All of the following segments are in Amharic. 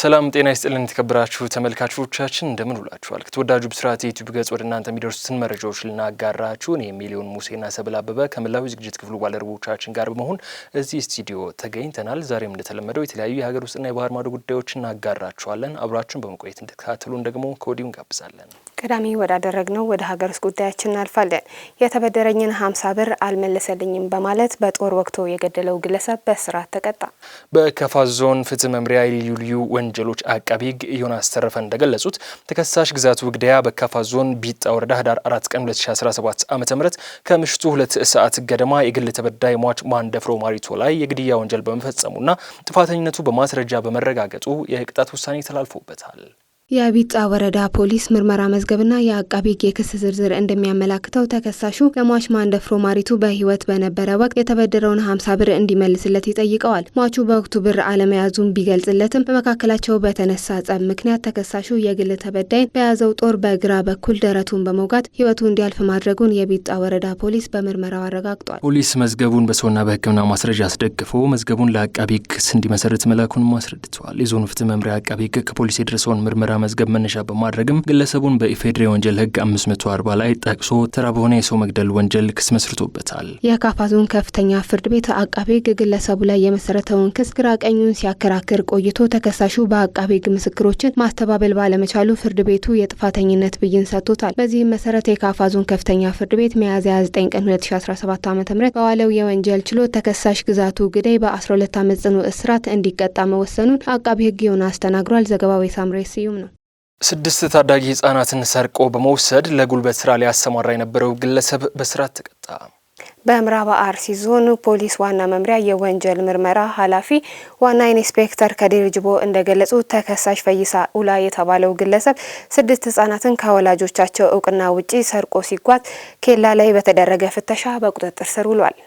ሰላም ጤና ይስጥልን የተከበራችሁ ተመልካቾቻችን እንደምን ውላችኋል? ከተወዳጁ ብስራት የዩቲዩብ ገጽ ወደ እናንተ የሚደርሱትን መረጃዎች ልናጋራችሁን የሚሊዮን ሙሴና ሰብል አበበ ከመላዊ ዝግጅት ክፍሉ ባልደረቦቻችን ጋር በመሆን እዚህ ስቱዲዮ ተገኝተናል። ዛሬም እንደተለመደው የተለያዩ የሀገር ውስጥና የባህር ማዶ ጉዳዮች እናጋራችኋለን። አብራችሁን በመቆየት እንድትከታተሉን ደግሞ ከወዲሁ እንጋብዛለን። ቀዳሚ ወዳደረግነው ወደ ሀገር ውስጥ ጉዳያችን እናልፋለን። የተበደረኝን ሀምሳ ብር አልመለሰልኝም በማለት በጦር ወቅቶ የገደለው ግለሰብ በእስራት ተቀጣ። በከፋ ዞን ፍትህ መምሪያ የልዩ ልዩ ወንጀሎች አቃቢ ዮናስ ተረፈ እንደገለጹት ተከሳሽ ግዛቱ ውግደያ በከፋ ዞን ቢጣ ወረዳ ህዳር አራት ቀን 2017 ዓ ም ከምሽቱ ሁለት ሰዓት ገደማ የግል ተበዳይ ሟች ማንደፍሮ ማሪቶ ላይ የግድያ ወንጀል በመፈጸሙና ጥፋተኝነቱ በማስረጃ በመረጋገጡ የቅጣት ውሳኔ ተላልፎበታል። የአቢጣ ወረዳ ፖሊስ ምርመራ መዝገብና የአቃቢ ሕግ የክስ ዝርዝር እንደሚያመላክተው ተከሳሹ ለሟች ማንደፍሮ ማሪቱ በሕይወት በነበረ ወቅት የተበደረውን ሀምሳ ብር እንዲመልስለት ይጠይቀዋል። ሟቹ በወቅቱ ብር አለመያዙን ቢገልጽለትም በመካከላቸው በተነሳ ጸብ ምክንያት ተከሳሹ የግል ተበዳይን በያዘው ጦር በግራ በኩል ደረቱን በመውጋት ሕይወቱ እንዲያልፍ ማድረጉን የቢጫ ወረዳ ፖሊስ በምርመራው አረጋግጧል። ፖሊስ መዝገቡን በሰውና በሕክምና ማስረጃ አስደግፎ መዝገቡን ለአቃቢ ሕግ ክስ እንዲመሰርት መላኩን አስረድተዋል። የዞኑ ፍትህ መምሪያ አቃቢ ሕግ ከፖሊስ የደረሰውን ምርመራ የምርመራ መዝገብ መነሻ በማድረግም ግለሰቡን በኢፌዴሪ ወንጀል ህግ 540 ላይ ጠቅሶ ተራ በሆነ የሰው መግደል ወንጀል ክስ መስርቶበታል። የካፋ ዞን ከፍተኛ ፍርድ ቤት አቃቤ ህግ ግለሰቡ ላይ የመሰረተውን ክስ ግራ ቀኙን ሲያከራክር ቆይቶ ተከሳሹ በአቃቤ ህግ ምስክሮችን ማስተባበል ባለመቻሉ ፍርድ ቤቱ የጥፋተኝነት ብይን ሰጥቶታል። በዚህም መሰረት የካፋ ዞን ከፍተኛ ፍርድ ቤት ሚያዝያ 29 ቀን 2017 ዓ ም በዋለው የወንጀል ችሎት ተከሳሽ ግዛቱ ግዳይ በ12 ዓመት ጽኑ እስራት እንዲቀጣ መወሰኑን አቃቢ ህግ ዮናስ ተናግሯል። ዘገባው የሳምሬ ስዩም ነው። ስድስት ታዳጊ ህጻናትን ሰርቆ በመውሰድ ለጉልበት ስራ ሊያሰማራ የነበረው ግለሰብ በስርዓት ተቀጣ። በምዕራብ አርሲ ዞን ፖሊስ ዋና መምሪያ የወንጀል ምርመራ ኃላፊ ዋና ኢንስፔክተር ከዲር ጅቦ እንደገለጹ ተከሳሽ ፈይሳ ኡላ የተባለው ግለሰብ ስድስት ህጻናትን ከወላጆቻቸው እውቅና ውጪ ሰርቆ ሲጓዝ ኬላ ላይ በተደረገ ፍተሻ በቁጥጥር ስር ውሏል።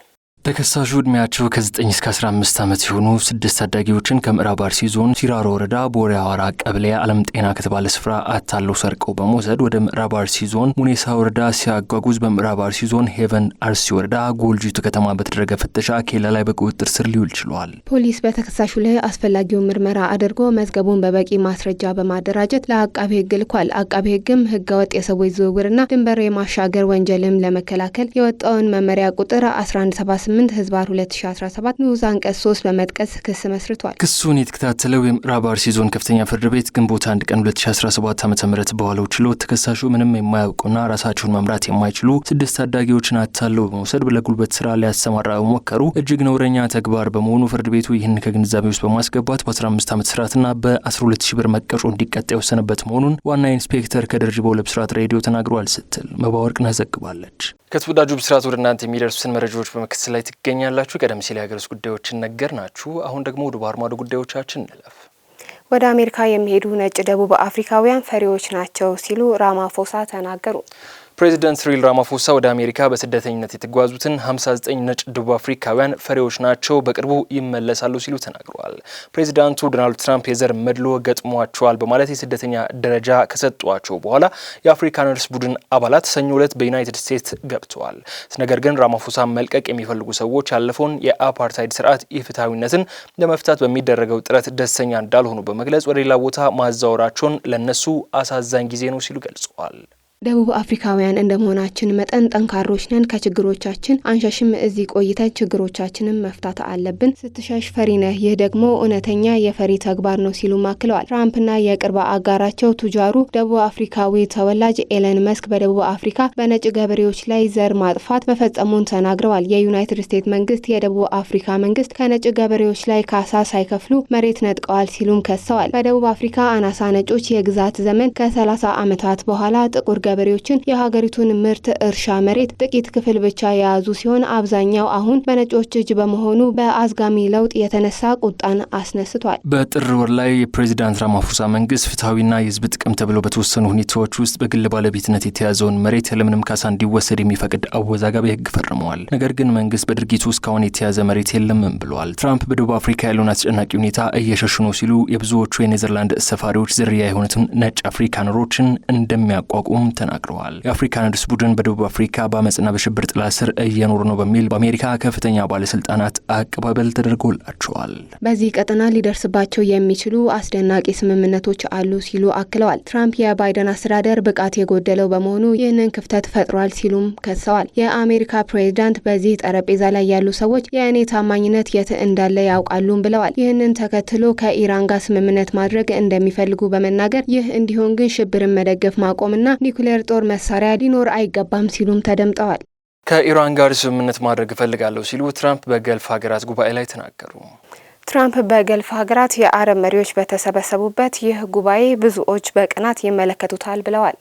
ተከሳሹ ዕድሜያቸው ከ9 እስከ 15 ዓመት ሲሆኑ ስድስት ታዳጊዎችን ከምዕራብ አርሲ ዞን ሲራሮ ወረዳ ቦሬ አዋራ ቀብሌ ዓለም ጤና ከተባለ ስፍራ አታለው ሰርቀው በመውሰድ ወደ ምዕራብ አርሲ ዞን ሙኔሳ ወረዳ ሲያጓጉዝ በምዕራብ አርሲ ዞን ሄቨን አርሲ ወረዳ ጎልጂቱ ከተማ በተደረገ ፍተሻ ኬላ ላይ በቁጥጥር ስር ሊውል ችሏል። ፖሊስ በተከሳሹ ላይ አስፈላጊውን ምርመራ አድርጎ መዝገቡን በበቂ ማስረጃ በማደራጀት ለአቃቤ ሕግ ልኳል። አቃቤ ሕግም ሕገወጥ የሰዎች ዝውውርና ድንበር የማሻገር ወንጀልም ለመከላከል የወጣውን መመሪያ ቁጥር 1178 18 ህዝባር 2017 ንዑስ አንቀጽ 3 በመጥቀስ ክስ መስርቷል። ክሱን የተከታተለው የምዕራብ አርሲ ዞን ከፍተኛ ፍርድ ቤት ግንቦት 1 ቀን 2017 ዓ ም በዋለው ችሎት ተከሳሹ ምንም የማያውቁና ራሳቸውን መምራት የማይችሉ ስድስት ታዳጊዎችን አታለው በመውሰድ ለጉልበት ስራ ሊያሰማራ በሞከሩ እጅግ ነውረኛ ተግባር በመሆኑ ፍርድ ቤቱ ይህን ከግንዛቤ ውስጥ በማስገባት በ15 ዓመት ስርዓትና በ12 ሺ ብር መቀጮ እንዲቀጣ የወሰነበት መሆኑን ዋና ኢንስፔክተር ከደርጅ በው ለብስራት ሬዲዮ ተናግሯል ስትል መባወርቅ ነዘግባለች። ከተወዳጁ ብስራት ወደ እናንተ የሚደርሱትን መረጃዎች በመከታተል ላይ ትገኛላችሁ። ቀደም ሲል የሀገር ውስጥ ጉዳዮችን ነገር ናችሁ። አሁን ደግሞ ወደ ባህር ማዶ ጉዳዮቻችን እንለፍ። ወደ አሜሪካ የሚሄዱ ነጭ ደቡብ አፍሪካውያን ፈሪዎች ናቸው ሲሉ ራማፎሳ ተናገሩ። ፕሬዚደንት ሲሪል ራማፎሳ ወደ አሜሪካ በስደተኝነት የተጓዙትን 59 ነጭ ደቡብ አፍሪካውያን ፈሪዎች ናቸው፣ በቅርቡ ይመለሳሉ ሲሉ ተናግረዋል። ፕሬዚዳንቱ ዶናልድ ትራምፕ የዘር መድሎ ገጥሟቸዋል በማለት የስደተኛ ደረጃ ከሰጧቸው በኋላ የአፍሪካነርስ ቡድን አባላት ሰኞ ዕለት በዩናይትድ ስቴትስ ገብተዋል። ነገር ግን ራማፎሳ መልቀቅ የሚፈልጉ ሰዎች ያለፈውን የአፓርታይድ ስርዓት ኢፍትሐዊነትን ለመፍታት በሚደረገው ጥረት ደስተኛ እንዳልሆኑ በመግለጽ ወደ ሌላ ቦታ ማዛወራቸውን ለነሱ አሳዛኝ ጊዜ ነው ሲሉ ገልጸዋል። ደቡብ አፍሪካውያን እንደመሆናችን መጠን ጠንካሮች ነን። ከችግሮቻችን አንሻሽም እዚህ ቆይተን ችግሮቻችንን መፍታት አለብን። ስትሸሽ ፈሪ ነህ። ይህ ደግሞ እውነተኛ የፈሪ ተግባር ነው ሲሉ አክለዋል። ትራምፕና የቅርብ አጋራቸው ቱጃሩ ደቡብ አፍሪካዊ ተወላጅ ኤለን መስክ በደቡብ አፍሪካ በነጭ ገበሬዎች ላይ ዘር ማጥፋት መፈጸሙን ተናግረዋል። የዩናይትድ ስቴትስ መንግስት የደቡብ አፍሪካ መንግስት ከነጭ ገበሬዎች ላይ ካሳ ሳይከፍሉ መሬት ነጥቀዋል ሲሉም ከሰዋል። በደቡብ አፍሪካ አናሳ ነጮች የግዛት ዘመን ከ30 ዓመታት በኋላ ጥቁር ገበሬዎችን የሀገሪቱን ምርት እርሻ መሬት ጥቂት ክፍል ብቻ የያዙ ሲሆን አብዛኛው አሁን በነጮች እጅ በመሆኑ በአዝጋሚ ለውጥ የተነሳ ቁጣን አስነስቷል። በጥር ወር ላይ የፕሬዚዳንት ራማፎሳ መንግስት ፍትሐዊና የህዝብ ጥቅም ተብሎ በተወሰኑ ሁኔታዎች ውስጥ በግል ባለቤትነት የተያዘውን መሬት ያለምንም ካሳ እንዲወሰድ የሚፈቅድ አወዛጋቢ ህግ ፈርመዋል። ነገር ግን መንግስት በድርጊቱ እስካሁን የተያዘ መሬት የለምም ብለዋል። ትራምፕ በደቡብ አፍሪካ ያለውን አስጨናቂ ሁኔታ እየሸሹ ነው ሲሉ የብዙዎቹ የኔዘርላንድ ሰፋሪዎች ዝርያ የሆኑትን ነጭ አፍሪካነሮችን እንደሚያቋቁም ተናግረዋል። የአፍሪካ ንድስ ቡድን በደቡብ አፍሪካ በአመፅና በሽብር ጥላ ስር እየኖሩ ነው በሚል በአሜሪካ ከፍተኛ ባለስልጣናት አቀባበል ተደርጎላቸዋል። በዚህ ቀጠና ሊደርስባቸው የሚችሉ አስደናቂ ስምምነቶች አሉ ሲሉ አክለዋል። ትራምፕ የባይደን አስተዳደር ብቃት የጎደለው በመሆኑ ይህንን ክፍተት ፈጥሯል ሲሉም ከሰዋል። የአሜሪካ ፕሬዚዳንት በዚህ ጠረጴዛ ላይ ያሉ ሰዎች የእኔ ታማኝነት የት እንዳለ ያውቃሉም ብለዋል። ይህንን ተከትሎ ከኢራን ጋር ስምምነት ማድረግ እንደሚፈልጉ በመናገር ይህ እንዲሆን ግን ሽብርን መደገፍ ማቆምና ኒኩሌ የኒውክሌር ጦር መሳሪያ ሊኖር አይገባም ሲሉም ተደምጠዋል። ከኢራን ጋር ስምምነት ማድረግ እፈልጋለሁ ሲሉ ትራምፕ በገልፍ ሀገራት ጉባኤ ላይ ተናገሩ። ትራምፕ በገልፍ ሀገራት የአረብ መሪዎች በተሰበሰቡበት ይህ ጉባኤ ብዙዎች በቅናት ይመለከቱታል ብለዋል።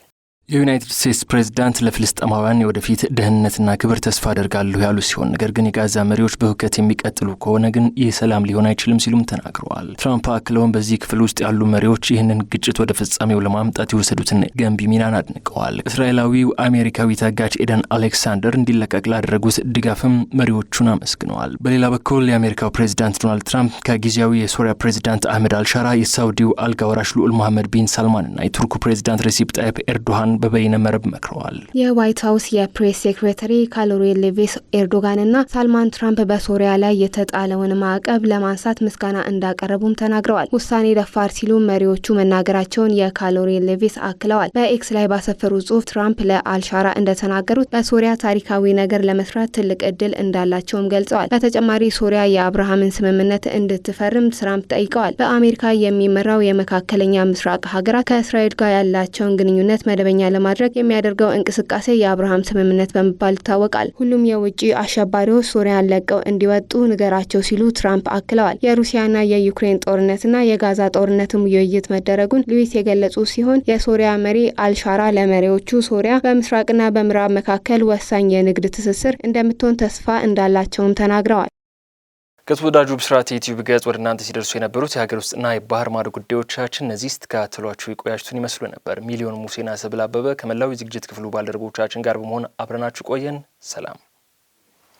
የዩናይትድ ስቴትስ ፕሬዝዳንት ለፍልስጤማውያን የወደፊት ደህንነትና ክብር ተስፋ አደርጋለሁ ያሉ ሲሆን ነገር ግን የጋዛ መሪዎች በሁከት የሚቀጥሉ ከሆነ ግን ይህ ሰላም ሊሆን አይችልም ሲሉም ተናግረዋል። ትራምፕ አክለውን በዚህ ክፍል ውስጥ ያሉ መሪዎች ይህንን ግጭት ወደ ፍጻሜው ለማምጣት የወሰዱትን ገንቢ ሚናን አድንቀዋል። እስራኤላዊው አሜሪካዊ ታጋች ኤደን አሌክሳንደር እንዲለቀቅ ላደረጉት ድጋፍም መሪዎቹን አመስግነዋል። በሌላ በኩል የአሜሪካው ፕሬዝዳንት ዶናልድ ትራምፕ ከጊዜያዊ የሶሪያ ፕሬዝዳንት አህመድ አልሻራ፣ የሳውዲው አልጋ ወራሽ ልዑል መሐመድ ቢን ሳልማንና የቱርኩ ፕሬዝዳንት ሬሲፕ ጣይፕ ኤርዶሃን በበይነ መረብ መክረዋል። የዋይት ሀውስ የፕሬስ ሴክሬታሪ ካሎሪን ሌቪስ ኤርዶጋንና ሳልማን ትራምፕ በሶሪያ ላይ የተጣለውን ማዕቀብ ለማንሳት ምስጋና እንዳቀረቡም ተናግረዋል። ውሳኔ ደፋር ሲሉ መሪዎቹ መናገራቸውን የካሎሪ ሌቪስ አክለዋል። በኤክስ ላይ ባሰፈሩ ጽሁፍ ትራምፕ ለአልሻራ እንደተናገሩት በሶሪያ ታሪካዊ ነገር ለመስራት ትልቅ እድል እንዳላቸውም ገልጸዋል። በተጨማሪ ሶሪያ የአብርሃምን ስምምነት እንድትፈርም ትራምፕ ጠይቀዋል። በአሜሪካ የሚመራው የመካከለኛ ምስራቅ ሀገራት ከእስራኤል ጋር ያላቸውን ግንኙነት መደበኛ ለማድረግ የሚያደርገው እንቅስቃሴ የአብርሃም ስምምነት በመባል ይታወቃል። ሁሉም የውጭ አሸባሪዎች ሱሪያን ለቀው እንዲወጡ ንገራቸው ሲሉ ትራምፕ አክለዋል። የሩሲያና የዩክሬን ጦርነትና የጋዛ ጦርነትም ውይይት መደረጉን ሉዊስ የገለጹ ሲሆን የሶሪያ መሪ አልሻራ ለመሪዎቹ ሶሪያ በምስራቅና በምዕራብ መካከል ወሳኝ የንግድ ትስስር እንደምትሆን ተስፋ እንዳላቸውም ተናግረዋል። ከተወዳጁ ብስራት የዩቲዩብ ገጽ ወደ እናንተ ሲደርሱ የነበሩት የሀገር ውስጥና የባህር ማዶ ጉዳዮቻችን እነዚህ ስትከታተሏቸው የቆያችሁትን ይመስሉ ነበር። ሚሊዮን ሙሴና ሰብል አበበ ከመላው የዝግጅት ክፍሉ ባልደረቦቻችን ጋር በመሆን አብረናችሁ ቆየን። ሰላም